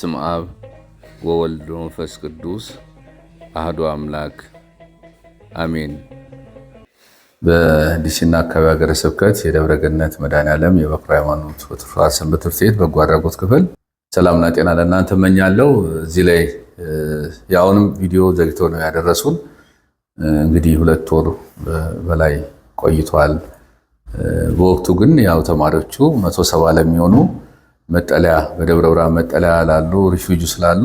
ስም አብ ወወልድ መንፈስ ቅዱስ አህዶ አምላክ አሜን። በዲሲና አካባቢ ሀገረ ስብከት የደብረ ገነት መድኃኔዓለም የበኩር ሃይማኖት ወትሩፋት ሰንበት ትምህርት ቤት በጎ አድራጎት ክፍል ሰላምና ጤና ለእናንተ እመኛለሁ። እዚህ ላይ የአሁንም ቪዲዮ ዘግቶ ነው ያደረሱን። እንግዲህ ሁለት ወር በላይ ቆይቷል። በወቅቱ ግን ያው ተማሪዎቹ መቶ ሰባ ለሚሆኑ መጠለያ በደብረ ብርሃን መጠለያ ላሉ ሪፊጅ ስላሉ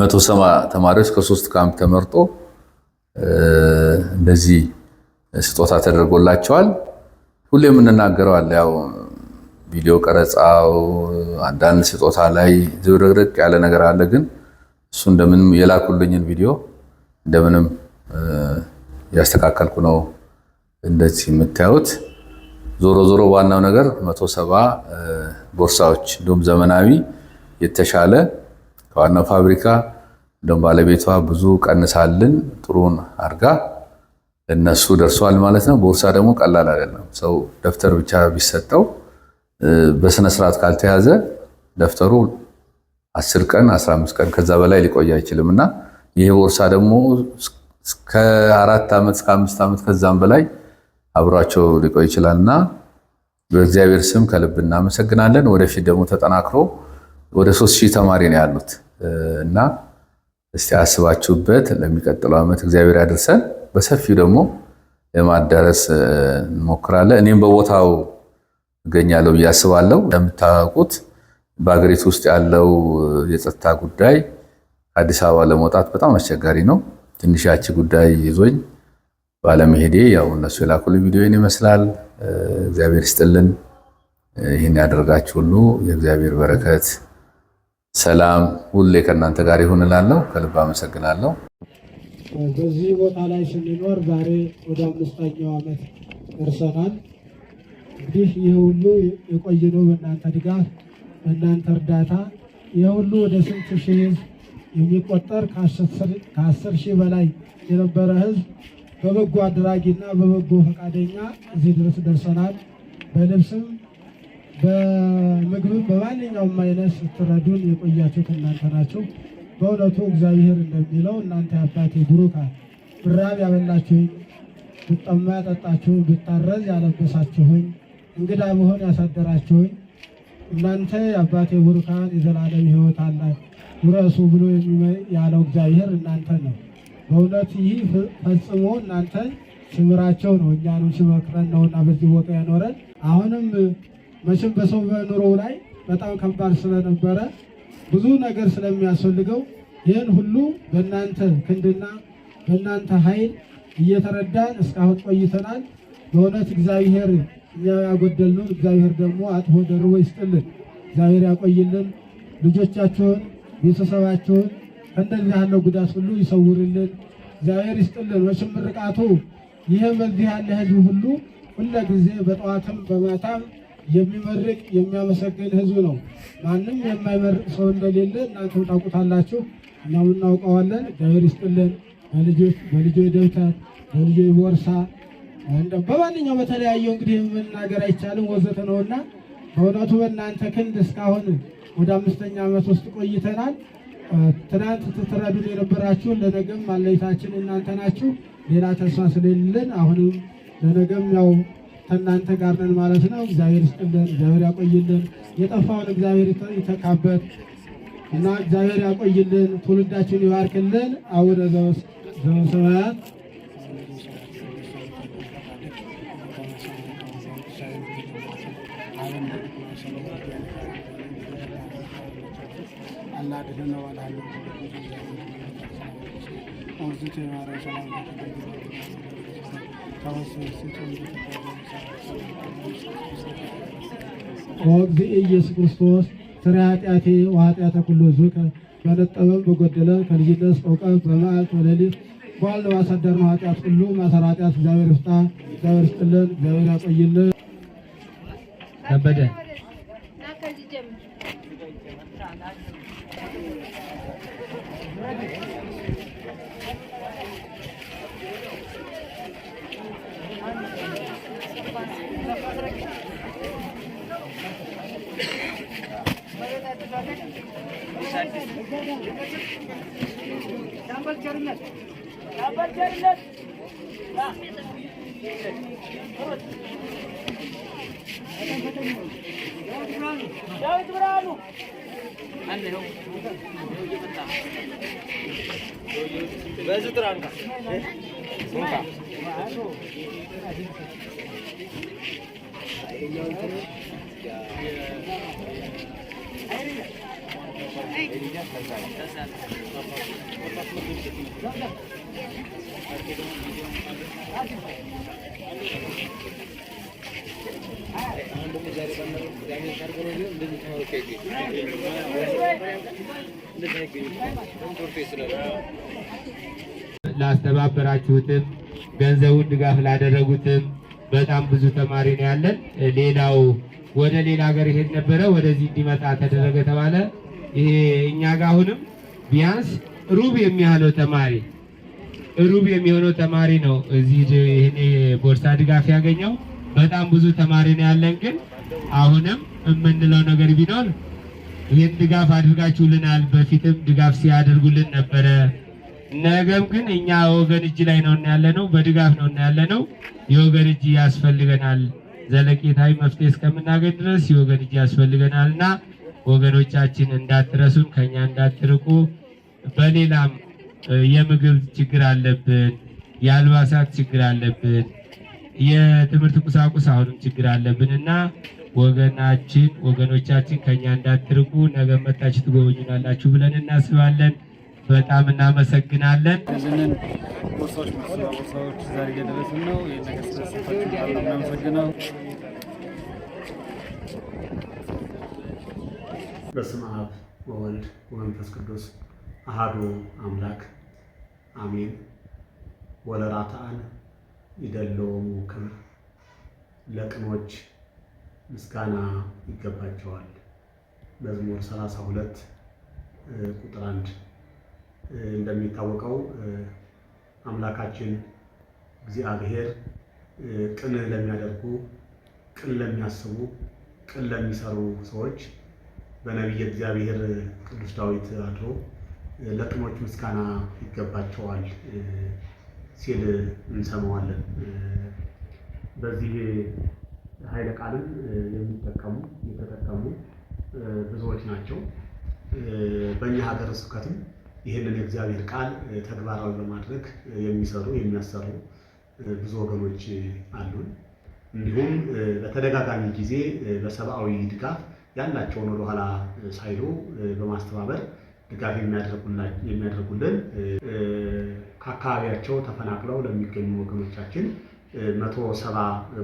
መቶ ሰማ ተማሪዎች ከሶስት ካምፕ ተመርጦ እንደዚህ ስጦታ ተደርጎላቸዋል። የምንናገረው አለ ያው ቪዲዮ ቀረጻው አንዳንድ ስጦታ ላይ ዝብርቅርቅ ያለ ነገር አለ። ግን እሱ እንደምንም የላኩልኝን ቪዲዮ እንደምንም ያስተካከልኩ ነው እንደዚህ የምታዩት። ዞሮ ዞሮ ዋናው ነገር መቶ ሰባ ቦርሳዎች እንዲሁም ዘመናዊ የተሻለ ከዋናው ፋብሪካ እንዲሁም ባለቤቷ ብዙ ቀንሳልን ጥሩን አድርጋ እነሱ ደርሰዋል ማለት ነው። ቦርሳ ደግሞ ቀላል አይደለም። ሰው ደብተር ብቻ ቢሰጠው በስነ ስርዓት ካልተያዘ ደብተሩ አስር ቀን አስራ አምስት ቀን ከዛ በላይ ሊቆይ አይችልም እና ይሄ ቦርሳ ደግሞ እስከ አራት ዓመት እስከ አምስት ዓመት ከዛም በላይ አብሯቸው ሊቆይ ይችላል እና በእግዚአብሔር ስም ከልብ እናመሰግናለን። ወደፊት ደግሞ ተጠናክሮ ወደ ሶስት ሺህ ተማሪ ነው ያሉት እና እስቲ አስባችሁበት ለሚቀጥለው ዓመት እግዚአብሔር ያደርሰን። በሰፊው ደግሞ ለማዳረስ እንሞክራለን። እኔም በቦታው እገኛለሁ ብዬ አስባለሁ። እንደምታውቁት በሀገሪቱ ውስጥ ያለው የጸጥታ ጉዳይ አዲስ አበባ ለመውጣት በጣም አስቸጋሪ ነው። ትንሽ ያቺ ጉዳይ ይዞኝ ባለመሄዴ ያው እነሱ የላኩልኝ ቪዲዮን ይመስላል። እግዚአብሔር ይስጥልን። ይህን ያደርጋችሁ ሁሉ የእግዚአብሔር በረከት፣ ሰላም ሁሌ ከእናንተ ጋር ይሁን ከልብ አመሰግናለሁ። በዚህ ቦታ ላይ ስንኖር ዛሬ ወደ አምስተኛው ዓመት ደርሰናል። እንግዲህ ይህ ሁሉ የቆየነው በእናንተ ድጋፍ፣ በእናንተ እርዳታ ይህ ሁሉ ወደ ስንት ሺህ የሚቆጠር ከአስር ሺህ በላይ የነበረ ህዝብ በበጎ አድራጊና በበጎ ፈቃደኛ እዚህ ድረስ ደርሰናል። በልብስም በምግብም በማንኛውም አይነት ስትረዱን የቆያችሁት እናንተ ናችሁ። በእውነቱ እግዚአብሔር እንደሚለው እናንተ አባቴ ብሩካ ብራብ ያበላችሁኝ፣ ብጠማ ያጠጣችሁኝ፣ ብታረዝ ያለበሳችሁኝ፣ እንግዳ መሆን ያሳደራችሁኝ እናንተ አባቴ ቡሩካን የዘላለም ሕይወት አላት ውረሱ ብሎ ያለው እግዚአብሔር እናንተ ነው። በእውነት ይህ ፈጽሞ እናንተን ሽምራቸው ነው፣ እኛንም ሽመክረን ነውና በዚህ ቦታ ያኖረን። አሁንም መቼም በሰው በኑሮ ላይ በጣም ከባድ ስለነበረ ብዙ ነገር ስለሚያስፈልገው ይህን ሁሉ በእናንተ ክንድና በእናንተ ኃይል እየተረዳን እስካሁን ቆይተናል። በእውነት እግዚአብሔር እኛ ያጎደልነው እግዚአብሔር ደግሞ አጥፎ ደርቦ ይስጥልን። እግዚአብሔር ያቆይልን። ልጆቻችሁን ቤተሰባችሁን እንደዚህ ያለው ጉዳት ሁሉ ይሰውርልን፣ እግዚአብሔር ይስጥልን። መቼም ምርቃቱ ይህ በዚህ ያለ ህዝብ ሁሉ ሁለጊዜ በጠዋትም በማታም የሚመርቅ የሚያመሰግን ህዝብ ነው። ማንም የማይመርቅ ሰው እንደሌለ እናንተ ታውቁታላችሁ፣ እኛም እናውቀዋለን። እግዚአብሔር ይስጥልን። በልጆች በልጆች ደብተር በልጆች ቦርሳ በማንኛውም በተለያየው እንግዲህ መናገር አይቻልም ወዘተ ነውና በእውነቱ በእናንተ ክንድ እስካሁን ወደ አምስተኛ ዓመት ውስጥ ቆይተናል። ትናንት ስትረዱን የነበራችሁ ለነገም ማለይታችን እናንተ ናችሁ። ሌላ ተስፋ ስለሌለን አሁንም ለነገም ያው ከእናንተ ጋር ነን ማለት ነው። እግዚአብሔር ይስጥልን፣ እግዚአብሔር ያቆይልን። የጠፋውን እግዚአብሔር ይተካበት እና እግዚአብሔር ያቆይልን፣ ትውልዳችሁን ይባርክልን። አቡነ ዘበሰማያት ኢየሱስ ክርስቶስ ስራ ኃጢአቴ ወኃጢአተ ኩሉ ሕዝብ በመጠበብ በጎደለ ከልጅነት እውቀት በመዓልት በሌሊት በኋላ ባሳደርነው ኃጢአት ሁሉ ማሰራ ኃጢአት እግዚአብሔር ይፍታ። እግዚአብሔር ይስጥልን። እግዚአብሔር ያቆይልን። ከበደ ቸርነት የአባት ዳዊት ብርሃኑ በዚህ ጥራ ላስተባበራችሁትም ገንዘቡን ድጋፍ ላደረጉትም በጣም ብዙ ተማሪ ነው ያለን። ሌላው ወደ ሌላ ሀገር ይሄድ ነበረ፣ ወደዚህ እንዲመጣ ተደረገ ተባለ። እኛ ጋር አሁንም ቢያንስ ሩብ የሚሆነው ተማሪ ሩብ የሚሆነው ተማሪ ነው እዚህ ይሄኔ ቦርሳ ድጋፍ ያገኘው። በጣም ብዙ ተማሪ ነው ያለን። ግን አሁንም የምንለው ነገር ቢኖር ይህን ድጋፍ አድርጋችሁልናል። በፊትም ድጋፍ ሲያደርጉልን ነበረ። ነገም ግን እኛ ወገን እጅ ላይ ነው ያለነው በድጋፍ ነው እና ያለነው። የወገን እጅ ያስፈልገናል። ዘለቄታዊ መፍትሄ እስከምናገኝ ድረስ የወገን እጅ ያስፈልገናልና ወገኖቻችን እንዳትረሱን፣ ከኛ እንዳትርቁ። በሌላም የምግብ ችግር አለብን፣ የአልባሳት ችግር አለብን፣ የትምህርት ቁሳቁስ አሁንም ችግር አለብን እና ወገናችን ወገኖቻችን ከኛ እንዳትርቁ፣ ነገ መታችሁ ትጎበኙናላችሁ ብለን እናስባለን። በጣም እናመሰግናለን። ቦርሳዎች ቦርሳዎች ዛሬ እየደረስን ነው። በስመ አብ ወወልድ ወመንፈስ ቅዱስ አሃዱ አምላክ አሜን። ወለራታን ይደለው ሙክር ለቅኖች ምስጋና ይገባቸዋል። መዝሙር 32 ቁጥር 1 እንደሚታወቀው አምላካችን እግዚአብሔር ቅን ለሚያደርጉ፣ ቅን ለሚያስቡ፣ ቅን ለሚሰሩ ሰዎች በነቢይ እግዚአብሔር ቅዱስ ዳዊት አድሮ ለቅኖች ምስጋና ይገባቸዋል ሲል እንሰማዋለን። በዚህ ኃይለ ቃልን የሚጠቀሙ የተጠቀሙ ብዙዎች ናቸው። በእኛ ሀገረ ስብከትም ይህንን የእግዚአብሔር ቃል ተግባራዊ በማድረግ የሚሰሩ የሚያሰሩ ብዙ ወገኖች አሉን። እንዲሁም በተደጋጋሚ ጊዜ በሰብአዊ ድጋፍ ያላቸውን ወደኋላ ሳይሉ በማስተባበር ድጋፍ የሚያደርጉልን ከአካባቢያቸው ተፈናቅለው ለሚገኙ ወገኖቻችን መቶ ሰባ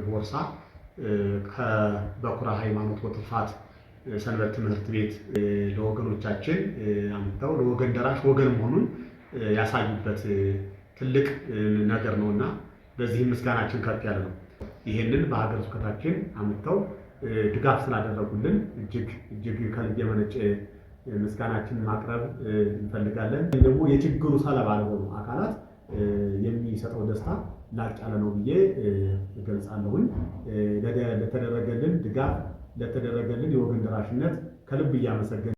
ቦርሳ ከበኩራ ሃይማኖት ወትፋት ሰንበት ትምህርት ቤት ለወገኖቻችን አምጥተው ለወገን ደራሽ ወገን መሆኑን ያሳዩበት ትልቅ ነገር ነው እና በዚህም ምስጋናችን ከፍ ያለ ነው። ይህንን በሀገር ስብከታችን አምጥተው ድጋፍ ስላደረጉልን እጅግ እጅግ ከልብ የመነጨ ምስጋናችንን ማቅረብ እንፈልጋለን። ደግሞ የችግሩ ሰለባ ለሆኑ አካላት የሚሰጠው ደስታ ላቅ ያለ ነው ብዬ እገልጻለሁኝ። ለተደረገልን ድጋፍ፣ ለተደረገልን የወገን ደራሽነት ከልብ እያመሰገን